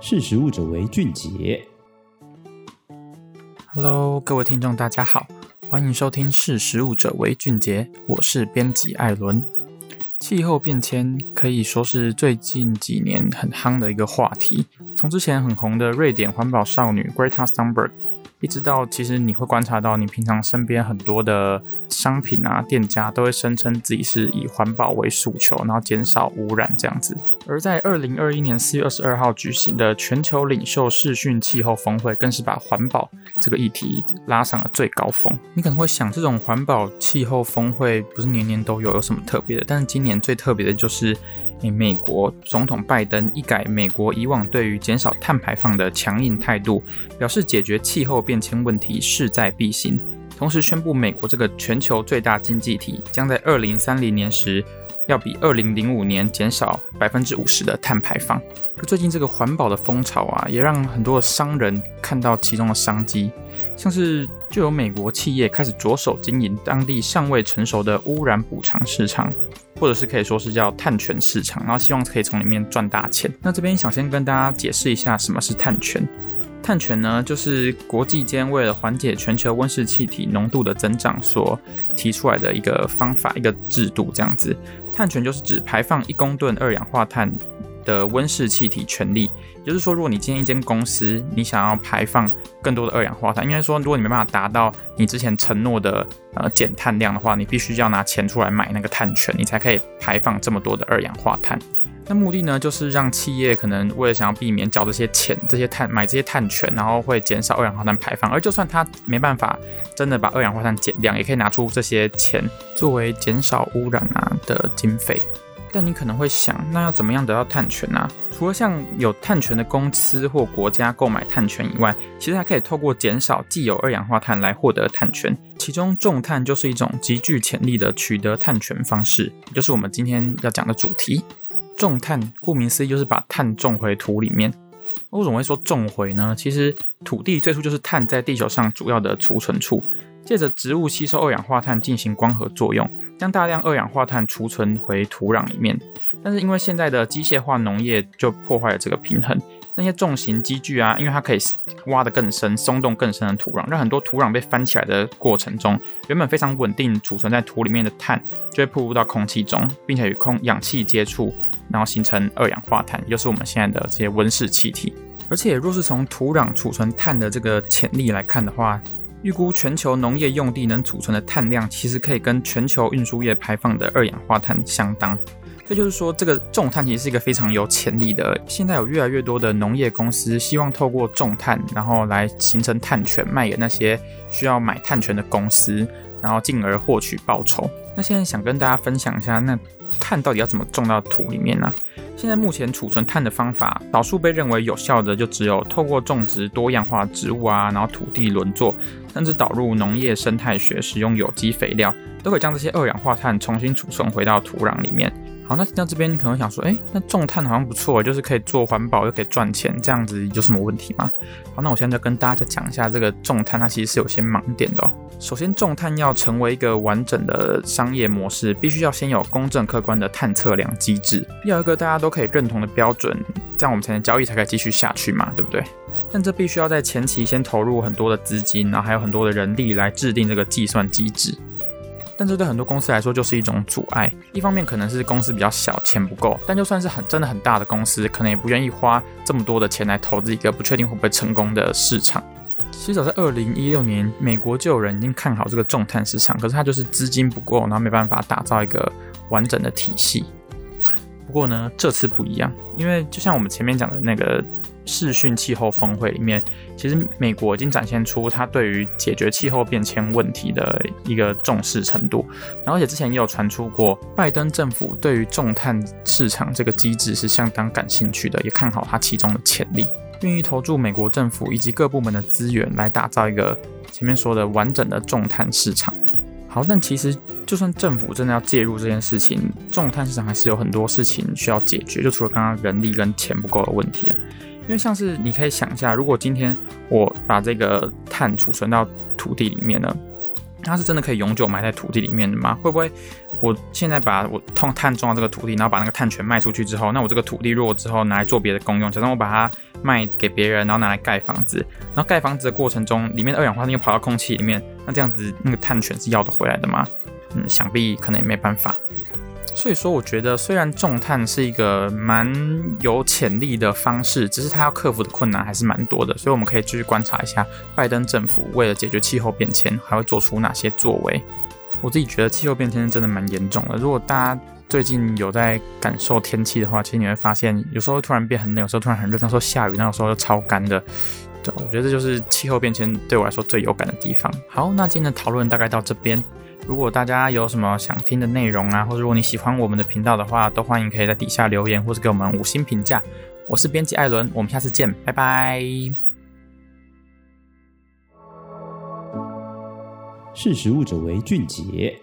識食物者為俊傑。Hello，各位聽眾，大家好，歡迎收聽《識食物者為俊傑》，我是編輯艾倫。氣候變遷可以說是最近幾年很夯的一個話題，從之前很紅的瑞典環保少女 Greta Thunberg。一直到其實你會觀察到，你平常身邊很多的商品啊、店家都會聲稱自己是以環保為訴求，然後減少污染這樣子。而在二零二一年四月二十二號舉行的全球領袖視訊氣候峰會，更是把環保這個議題拉上了最高峰。你可能會想，這種環保氣候峰會不是年年都有，有什麼特別的？但是今年最特別的就是。美國總統拜登一改美國以往對於減少碳排放的強硬態度，表示解決氣候變遷問題勢在必行。同時宣布，美國這個全球最大經濟體將在二零三零年時，要比二零零五年減少百分之五十的碳排放。可最近這個環保的風潮啊，也讓很多的商人看到其中的商機，像是就有美國企業開始着手經營當地尚未成熟的污染補償市場。或者是可以說是叫碳權市場，然後希望可以從裡面賺大錢。那這邊想先跟大家解釋一下什麼是碳權。碳權呢，就是國際間為了緩解全球溫室氣體濃度的增長所提出來的一個方法、一個制度這樣子。碳權就是指排放一公噸二氧化碳，的溫室氣體權利，也就是說，如果你今天一間公司，你想要排放更多的二氧化碳，應該說，如果你沒辦法達到你之前承諾的呃減碳量的話，你必須要拿錢出來買那個碳權，你才可以排放這麼多的二氧化碳。那目的呢，就是讓企業可能為了想要避免繳這些錢、這些碳買這些碳權，然後會減少二氧化碳排放。而就算他沒辦法真的把二氧化碳減量，也可以拿出這些錢作為減少污染啊的經費。但你可能會想，那要怎麼樣得到碳權呢、啊？除了向有碳權的公司或國家購買碳權以外，其實還可以透過減少既有二氧化碳來獲得碳權。其中，種碳就是一種極具潛力的取得碳權方式，也就是我們今天要講的主題。種碳顧名思義就是把碳種回土裡面。為什麼會說種回呢？其實土地最初就是碳在地球上主要的儲存處。借着植物吸收二氧化碳進行光合作用，將大量二氧化碳儲存回土壤裡面。但是因為現在的機械化農業就破壞了這個平衡，那些重型機具啊，因為它可以挖得更深、鬆動更深的土壤，讓很多土壤被翻起來的過程中，原本非常穩定儲存在土裡面的碳就會暴露到空氣中，並且與空氧氣接觸，然後形成二氧化碳，也就是我們現在的這些溫室氣體。而且若是從土壤儲存碳的這個潛力來看的話，預估全球農業用地能儲存的碳量，其實可以跟全球運輸業排放的二氧化碳相當。這就是說，這個種碳其實是一個非常有潛力的。現在有越來越多的農業公司希望透過種碳，然後來形成碳權，賣給那些需要買碳權的公司，然後進而獲取報酬。那現在想跟大家分享一下那。碳到底要怎麼種到土裡面呢、啊？現在目前儲存碳的方法，少數被認為有效的就只有透過種植多樣化植物啊，然後土地輪作，甚至導入農業生態學，使用有機肥料，都可以將這些二氧化碳重新儲存回到土壤裡面。好，那聽到這邊可能會想說，哎、欸，那種碳好像不錯，就是可以做環保又可以賺錢，這樣子有什麼問題嗎？好，那我現在就跟大家再講一下這個種碳，它其實是有些盲點的喔。首先，種碳要成為一個完整的商業模式，必須要先有公正客觀的碳測量機制，要一個大家都可以認同的標準，這樣我們才能交易，才可以繼續下去嘛，對不對？但這必須要在前期先投入很多的資金，然後還有很多的人力來制定這個計算機制。但是對很多公司來說，就是一種阻礙。一方面可能是公司比較小，錢不夠；但就算是很真的很大的公司，可能也不願意花這麼多的錢來投資一個不確定會不會成功的市場。其實早在二零一六年，美國就有人已經看好這個種碳市場，可是它就是資金不夠，然後沒辦法打造一個完整的體系。不過呢，這次不一樣，因為就像我們前面講的那個視訊氣候峰會裡面，其實美國已經展現出它對於解決氣候變遷問題的一個重視程度。然後，而且之前也有傳出過，拜登政府對於種碳市場這個機制是相當感興趣的，也看好它其中的潛力，願意投注美國政府以及各部門的資源來打造一個前面說的完整的種碳市場。好，但其實。就算政府真的要介入這件事情，種碳市場還是有很多事情需要解決。就除了剛剛人力跟錢不夠的問題啊，因為像是你可以想一下，如果今天我把這個碳儲存到土地裡面呢，它是真的可以永久埋在土地裡面的嗎？會不會我現在把我通碳種到這個土地，然後把那個碳權賣出去之後，那我這個土地如果之後拿來做別的功用，假設我把它賣給別人，然後拿來蓋房子，然後蓋房子的過程中，裡面二氧化碳又跑到空氣裡面，那這樣子那個碳權是要得回來的嗎？嗯，想必可能也沒辦法。所以說，我覺得雖然重碳是一個蠻有潛力的方式，只是它要克服的困難還是蠻多的。所以我們可以繼續觀察一下，拜登政府為了解決氣候變遷，還會做出哪些作為。我自己覺得氣候變遷真的蠻嚴重的，如果大家最近有在感受天氣的話，其實你會發現，有時候突然變很冷，有時候突然很熱，那時候下雨，那個時候又超乾的。對，我覺得這就是氣候變遷對我來說最有感的地方。好，那今天的討論大概到這邊。如果大家有什麼想聽的內容啊，或者如果你喜歡我們的頻道的話，都歡迎可以在底下留言或者給我們五星評價。我是編輯艾倫，我們下次見，拜拜。識食物者為俊傑。